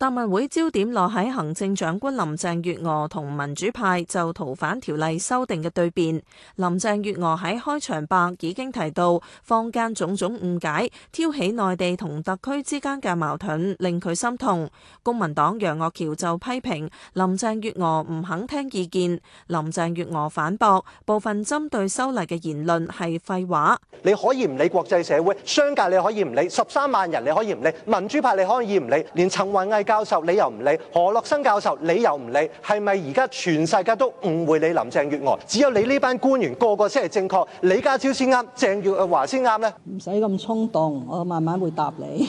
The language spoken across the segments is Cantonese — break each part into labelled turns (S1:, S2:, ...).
S1: 答問會焦點落喺行政長官林鄭月娥同民主派就逃犯條例修訂嘅對辯。林鄭月娥喺開場白已經提到坊間種種誤解，挑起內地同特區之間嘅矛盾，令佢心痛。公民黨楊岳橋就批評林鄭月娥唔肯聽意見。林鄭月娥反駁部分針對修例嘅言論係廢話，
S2: 你可以唔理國際社會、商界，你可以唔理十三萬人，你可以唔理民主派，你可以唔理連陳雲毅教授你又唔理，何樂生教授你又唔理，係咪而家全世界都誤會你林鄭月娥，只有你呢班官員個個先係正確，李家超先啱，鄭月娥先啱咧？
S3: 唔使咁衝動，我慢慢會答你。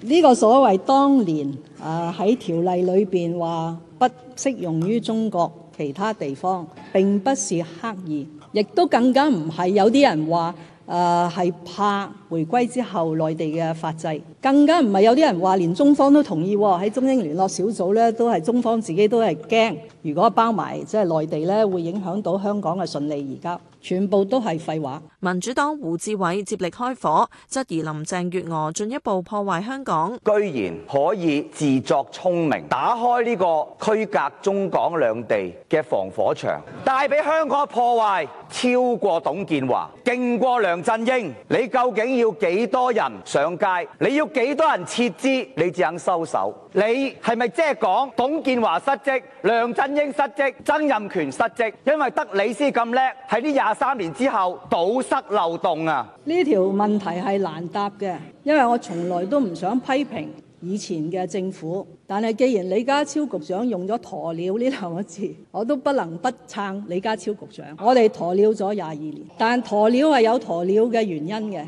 S3: 呢 個所謂當年啊喺條例裏邊話不適用於中國其他地方，並不是刻意，亦都更加唔係有啲人話誒係怕回歸之後內地嘅法制。更加唔係有啲人話，連中方都同意喎，喺中英聯絡小組咧都係中方自己都係驚，如果包埋即係內地咧，
S1: 會影響到香港嘅順利移交。而家全部都係廢話。民主黨胡志偉接力開火，質疑林鄭月娥進一步破壞香港，
S2: 居然可以自作聰明，打開呢個區隔中港兩地嘅防火牆，帶俾香港破壞，超過董建華，勁過梁振英，你究竟要幾多人上街？你要？幾多人撤資，你只肯收手？你係咪即係講董建華失職、梁振英失職、曾蔭權失職？因為得你先咁叻，喺呢廿三年之後堵塞漏洞啊！
S3: 呢條問題係難答嘅，因為我從來都唔想批評以前嘅政府，但係既然李家超局長用咗鴕鳥呢兩個字，我都不能不撐李家超局長。我哋鴕鳥咗廿二年，但鴕鳥係有鴕鳥嘅原因
S1: 嘅。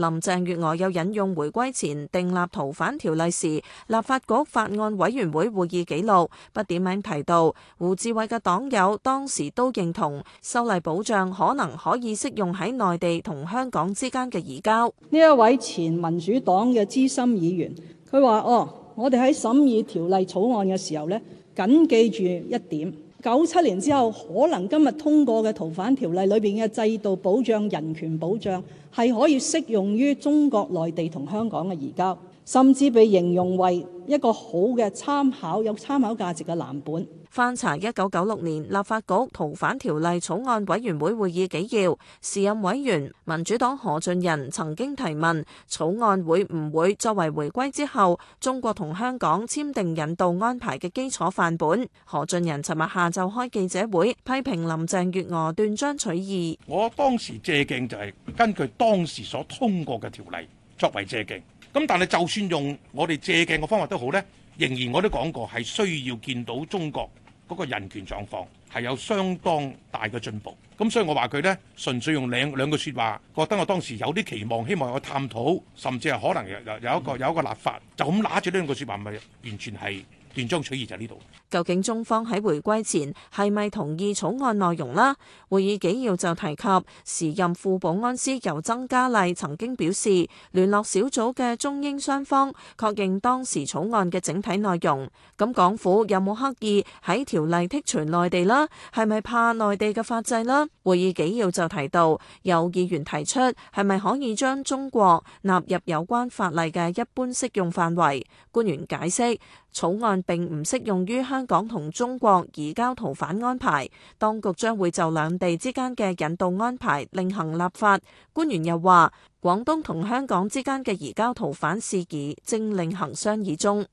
S1: 林鄭月娥有引用回歸前訂立逃犯條例時立法局法案委員會會議紀錄，不點名提到胡志偉嘅黨友當時都認同修例保障可能可以適用喺內地同香港之間嘅移交。呢一位前民主黨嘅資深議員，佢話：哦，我哋喺
S3: 審議條例草案嘅時候呢，緊記住一點。九七年之後，可能今日通過嘅逃犯條例裏面嘅制度保障、人權保障，係可以適用於中國內地同香港嘅移交。甚至被形容為一個好
S1: 嘅參考，有參考價值嘅藍本。翻查一九九六年立法局逃犯條例草案委員會會議紀要，時任委員民主黨何俊仁曾經提問，草案會唔會作為回歸之後中國同香港簽訂引渡安排嘅基礎範本。何俊仁尋日下晝開記者會批評林鄭月娥斷章取義。我當時借鏡就係根據當時所通過嘅條例作為借鏡。咁但係就算用我哋借鏡嘅方法都好呢，仍然我都講過係需要見到中國嗰個人權狀況係有相
S2: 當大嘅進步。咁所以我話佢呢，純粹用兩兩句說話，覺得我當時有啲期
S1: 望，希望有個探討，甚至係可能有有一個有一個立法，就咁拿住呢兩句說話，咪完全係。斷章取義就喺呢度。究竟中方喺回歸前係咪同意草案內容啦？會議紀要就提及時任副保安司尤曾嘉麗曾經表示，聯絡小組嘅中英雙方確認當時草案嘅整體內容。咁港府有冇刻意喺條例剔除內地啦？係咪怕內地嘅法制啦？會議紀要就提到有議員提出係咪可以將中國納入有關法例嘅一般適用範圍？官員解釋。草案並唔適用於香港同中國移交逃犯安排，當局將會就兩地之間嘅引渡安排另行立法。官員又話，廣東同香港之間嘅移交逃犯事宜正另行商議中。